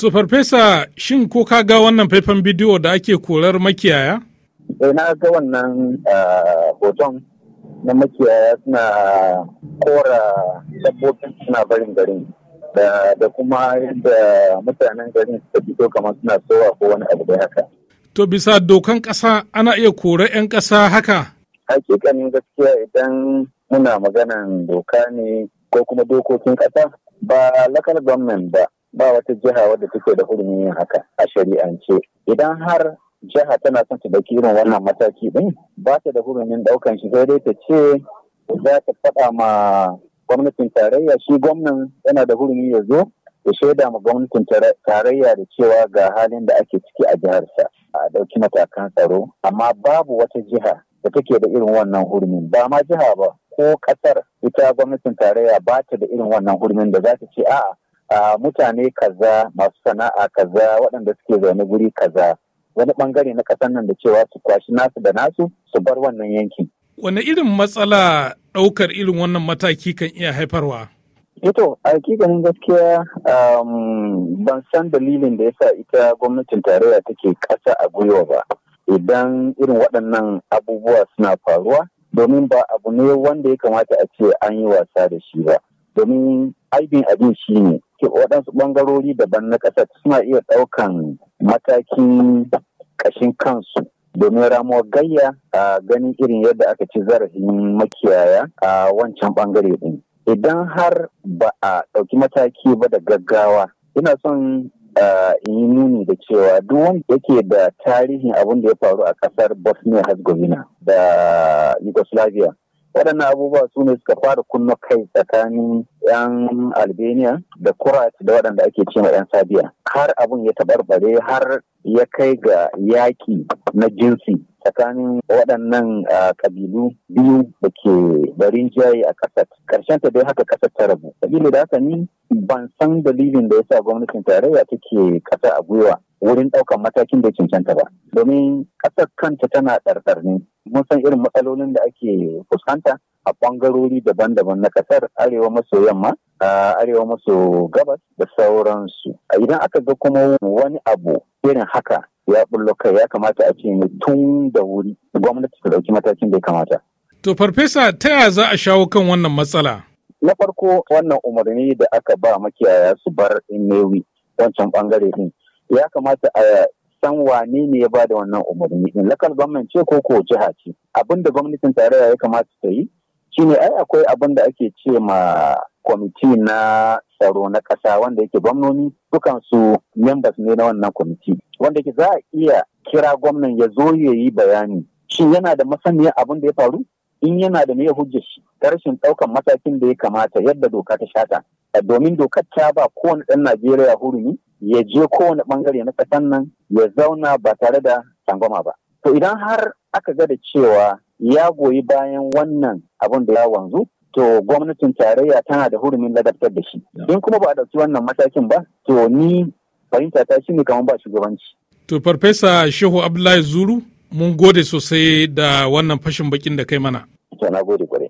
To farfesa shin ko ka ga wannan faifan bidiyo da ake korar makiyaya? Eh na ga wannan ah, hoton na makiyaya suna kora dabbobin suna barin garin da kuma yadda mutanen garin suka fito kamar suna sowa ko wani abu da haka. To bisa dokan ƙasa ana iya kora 'yan ƙasa haka? Hakikanin gaskiya idan muna maganan doka ne ko kuma dokokin ƙasa ba lakar gwamnan ba. ba wata jiha wadda take da hurumin yin haka a shari'ance idan har jiha tana son ta dauki irin wannan mataki din ba ta da hurumin daukan shi sai dai ta ce za ta faɗa ma gwamnatin tarayya shi gwamnan yana da hurumi ya zo ya shaida ma gwamnatin tarayya da cewa ga halin da ake ciki a jihar sa. a dauki matakan tsaro amma babu wata jiha da take da irin wannan hurumin ba ma jiha ba ko kasar ita gwamnatin tarayya ba ta da irin wannan hurumin da za ta ce a'a mutane kaza masu sana'a kaza waɗanda suke zaune guri kaza wani ɓangare na ƙasar nan da cewa su kwashi nasu da nasu su bar wannan yankin. Wane irin matsala ɗaukar irin wannan mataki kan iya haifarwa? Ito, eh a ganin gaskiya um, ban san dalilin da yasa ita gwamnatin tarayya take ƙasa a gwiwa ba. Idan irin waɗannan abubuwa suna faruwa, domin ba abu ne wanda ya kamata a ce an yi wasa da shi ba. Domin aibin abin shi ne, waɗansu ɓangarori daban na ƙasa suna iya ɗaukan matakin ƙashin kansu domin ramuwar gayya a ganin irin yadda aka ci zarafin makiyaya a wancan ɓangare ɗin. Idan har ba a ɗauki mataki ba da gaggawa, ina son in yi nuni da cewa duk wanda yake da tarihin abin da ya faru a ƙasar Bosnia-Herzegovina da Yugoslavia waɗannan abubuwa su ne suka fara kunna kai tsakanin 'yan albania da kurat da waɗanda ake ce ma 'yan sabiya har abun ya taɓarɓare har ya kai ga yaƙi na jinsi tsakanin waɗannan ƙabilu biyu da ke barin jiyayi a ƙasar ta dai haka ƙasar ta rabu sabili da haka ni ban san dalilin da yasa gwamnatin tarayya take ƙasa a gwiwa wurin ɗaukar matakin da cancanta ba domin ƙasar kanta tana ɗarɗar ne mun san irin matsalolin da ake fuskanta a ɓangarori daban-daban na ƙasar arewa maso yamma a arewa maso gabas da sauransu idan aka ga kuma wani abu irin haka ya bullo kai ya kamata a ce tun da wuri gwamnati ta ɗauki matakin da ya kamata to farfesa ta ya za a shawo kan wannan matsala na farko wannan umarni da aka ba makiyaya su bar inewi wancan ɓangare din ya kamata a san wane ne ya ba da wannan umarni in lakal gwamnati ce ko ko jiha ce abin da gwamnatin tarayya ya kamata ta yi shine ai akwai abin da ake ce ma kwamiti na tsaro na ƙasa wanda yake gwamnoni su members ne na wannan kwamiti wanda yake za a iya kira gwamnan ya zo ya yi bayani shin yana da masaniyar abin da ya faru in yana da ya hujjar shi ta rashin ɗaukan matakin da ya kamata yadda doka ta shata domin dokar ta ba kowane ɗan najeriya hurumi ya je kowane ɓangare na ƙasar nan ya zauna ba tare da tangoma ba. To idan har aka ga da cewa ya goyi bayan wannan abin da ya wanzu, to gwamnatin tarayya tana da hurumin ladabtar da shi. In kuma ba a ɗauki wannan matakin ba, to ni fahimta ta shi ne kamar ba shugabanci. To Farfesa Shehu Abdullahi Zuru, mun gode sosai da wannan fashin bakin da kai mana. To na gode kwarai.